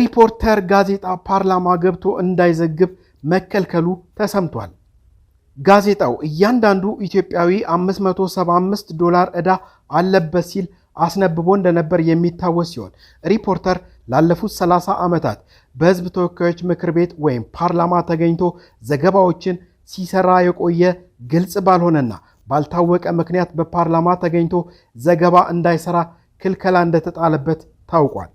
ሪፖርተር ጋዜጣ ፓርላማ ገብቶ እንዳይዘግብ መከልከሉ ተሰምቷል። ጋዜጣው እያንዳንዱ ኢትዮጵያዊ 575 ዶላር ዕዳ አለበት ሲል አስነብቦ እንደነበር የሚታወስ ሲሆን ሪፖርተር ላለፉት 30 ዓመታት በሕዝብ ተወካዮች ምክር ቤት ወይም ፓርላማ ተገኝቶ ዘገባዎችን ሲሰራ የቆየ ግልጽ ባልሆነና ባልታወቀ ምክንያት በፓርላማ ተገኝቶ ዘገባ እንዳይሰራ ክልከላ እንደተጣለበት ታውቋል።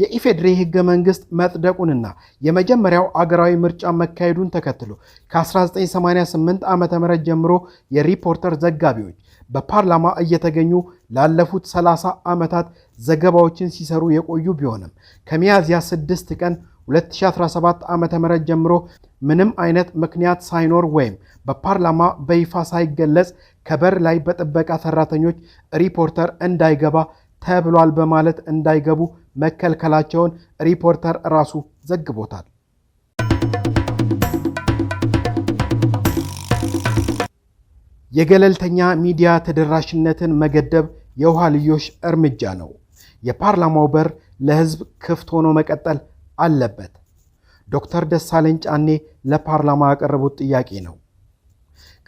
የኢፌዴሪ ህገ መንግስት መጽደቁንና የመጀመሪያው አገራዊ ምርጫ መካሄዱን ተከትሎ ከ1988 ዓ ም ጀምሮ የሪፖርተር ዘጋቢዎች በፓርላማ እየተገኙ ላለፉት 30 ዓመታት ዘገባዎችን ሲሰሩ የቆዩ ቢሆንም ከሚያዝያ 6 ቀን 2017 ዓ ም ጀምሮ ምንም አይነት ምክንያት ሳይኖር ወይም በፓርላማ በይፋ ሳይገለጽ ከበር ላይ በጥበቃ ሰራተኞች ሪፖርተር እንዳይገባ ተብሏል በማለት እንዳይገቡ መከልከላቸውን ሪፖርተር ራሱ ዘግቦታል። የገለልተኛ ሚዲያ ተደራሽነትን መገደብ የውሃ ልዮሽ እርምጃ ነው። የፓርላማው በር ለሕዝብ ክፍት ሆኖ መቀጠል አለበት። ዶክተር ደሳለኝ ጫኔ ለፓርላማ ያቀረቡት ጥያቄ ነው።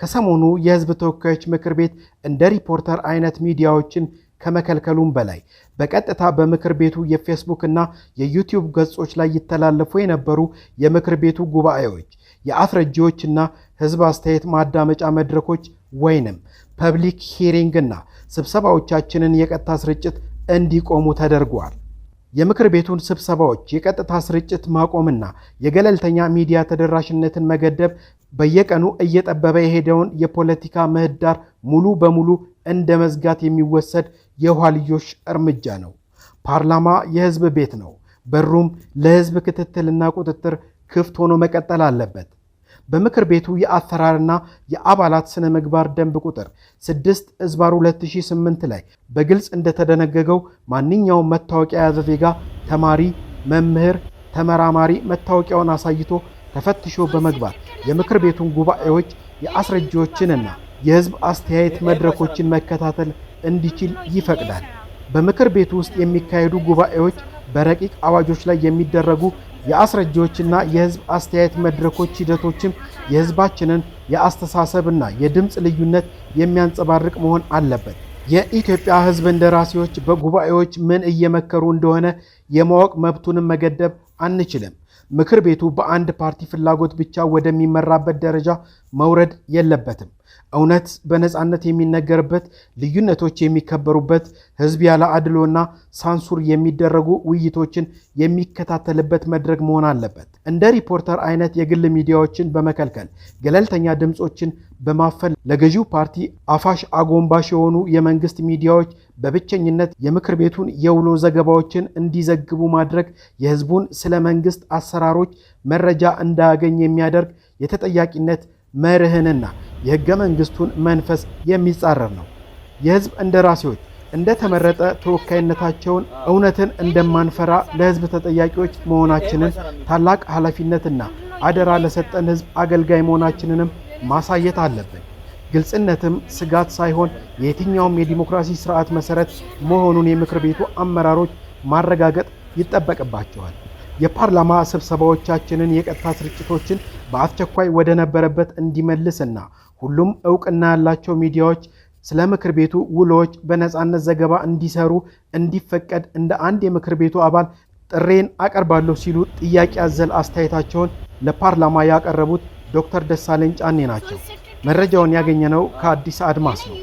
ከሰሞኑ የሕዝብ ተወካዮች ምክር ቤት እንደ ሪፖርተር አይነት ሚዲያዎችን ከመከልከሉም በላይ በቀጥታ በምክር ቤቱ የፌስቡክ እና የዩቲዩብ ገጾች ላይ ይተላለፉ የነበሩ የምክር ቤቱ ጉባኤዎች፣ የአፍረጂዎች እና ህዝብ አስተያየት ማዳመጫ መድረኮች ወይንም ፐብሊክ ሂሪንግ እና ስብሰባዎቻችንን የቀጥታ ስርጭት እንዲቆሙ ተደርጓል። የምክር ቤቱን ስብሰባዎች የቀጥታ ስርጭት ማቆምና የገለልተኛ ሚዲያ ተደራሽነትን መገደብ በየቀኑ እየጠበበ የሄደውን የፖለቲካ ምህዳር ሙሉ በሙሉ እንደ መዝጋት የሚወሰድ የኋልዮሽ እርምጃ ነው። ፓርላማ የህዝብ ቤት ነው። በሩም ለህዝብ ክትትልና ቁጥጥር ክፍት ሆኖ መቀጠል አለበት። በምክር ቤቱ የአሰራርና የአባላት ስነ ምግባር ደንብ ቁጥር 6 እዝባር 2008 ላይ በግልጽ እንደተደነገገው ማንኛውም መታወቂያ የያዘ ዜጋ ተማሪ፣ መምህር፣ ተመራማሪ መታወቂያውን አሳይቶ ተፈትሾ በመግባት የምክር ቤቱን ጉባኤዎች፣ የአስረጂዎችንና የህዝብ አስተያየት መድረኮችን መከታተል እንዲችል ይፈቅዳል። በምክር ቤቱ ውስጥ የሚካሄዱ ጉባኤዎች፣ በረቂቅ አዋጆች ላይ የሚደረጉ የአስረጂዎችና የህዝብ አስተያየት መድረኮች ሂደቶችም የህዝባችንን የአስተሳሰብና የድምፅ ልዩነት የሚያንጸባርቅ መሆን አለበት። የኢትዮጵያ ህዝብ እንደራሴዎች በጉባኤዎች ምን እየመከሩ እንደሆነ የማወቅ መብቱንም መገደብ አንችልም። ምክር ቤቱ በአንድ ፓርቲ ፍላጎት ብቻ ወደሚመራበት ደረጃ መውረድ የለበትም። እውነት በነፃነት የሚነገርበት፣ ልዩነቶች የሚከበሩበት፣ ህዝብ ያለ አድሎና ሳንሱር የሚደረጉ ውይይቶችን የሚከታተልበት መድረክ መሆን አለበት። እንደ ሪፖርተር አይነት የግል ሚዲያዎችን በመከልከል ገለልተኛ ድምፆችን በማፈን ለገዢው ፓርቲ አፋሽ አጎንባሽ የሆኑ የመንግስት ሚዲያዎች በብቸኝነት የምክር ቤቱን የውሎ ዘገባዎችን እንዲዘግቡ ማድረግ የህዝቡን ስለ መንግስት አሰራሮች መረጃ እንዳያገኝ የሚያደርግ የተጠያቂነት መርህንና የህገ መንግስቱን መንፈስ የሚጻረር ነው። የህዝብ እንደራሴዎች እንደተመረጠ ተወካይነታቸውን እውነትን እንደማንፈራ ለህዝብ ተጠያቂዎች መሆናችንን ታላቅ ኃላፊነትና አደራ ለሰጠን ህዝብ አገልጋይ መሆናችንንም ማሳየት አለብን። ግልጽነትም ስጋት ሳይሆን የትኛውም የዲሞክራሲ ስርዓት መሰረት መሆኑን የምክር ቤቱ አመራሮች ማረጋገጥ ይጠበቅባቸዋል። የፓርላማ ስብሰባዎቻችንን የቀጥታ ስርጭቶችን በአስቸኳይ ወደ ነበረበት እንዲመልስና ሁሉም እውቅና ያላቸው ሚዲያዎች ስለ ምክር ቤቱ ውሎዎች በነፃነት ዘገባ እንዲሰሩ እንዲፈቀድ እንደ አንድ የምክር ቤቱ አባል ጥሬን አቀርባለሁ ሲሉ ጥያቄ አዘል አስተያየታቸውን ለፓርላማ ያቀረቡት ዶክተር ደሳለኝ ጫኔ ናቸው። መረጃውን ያገኘነው ከአዲስ አድማስ ነው።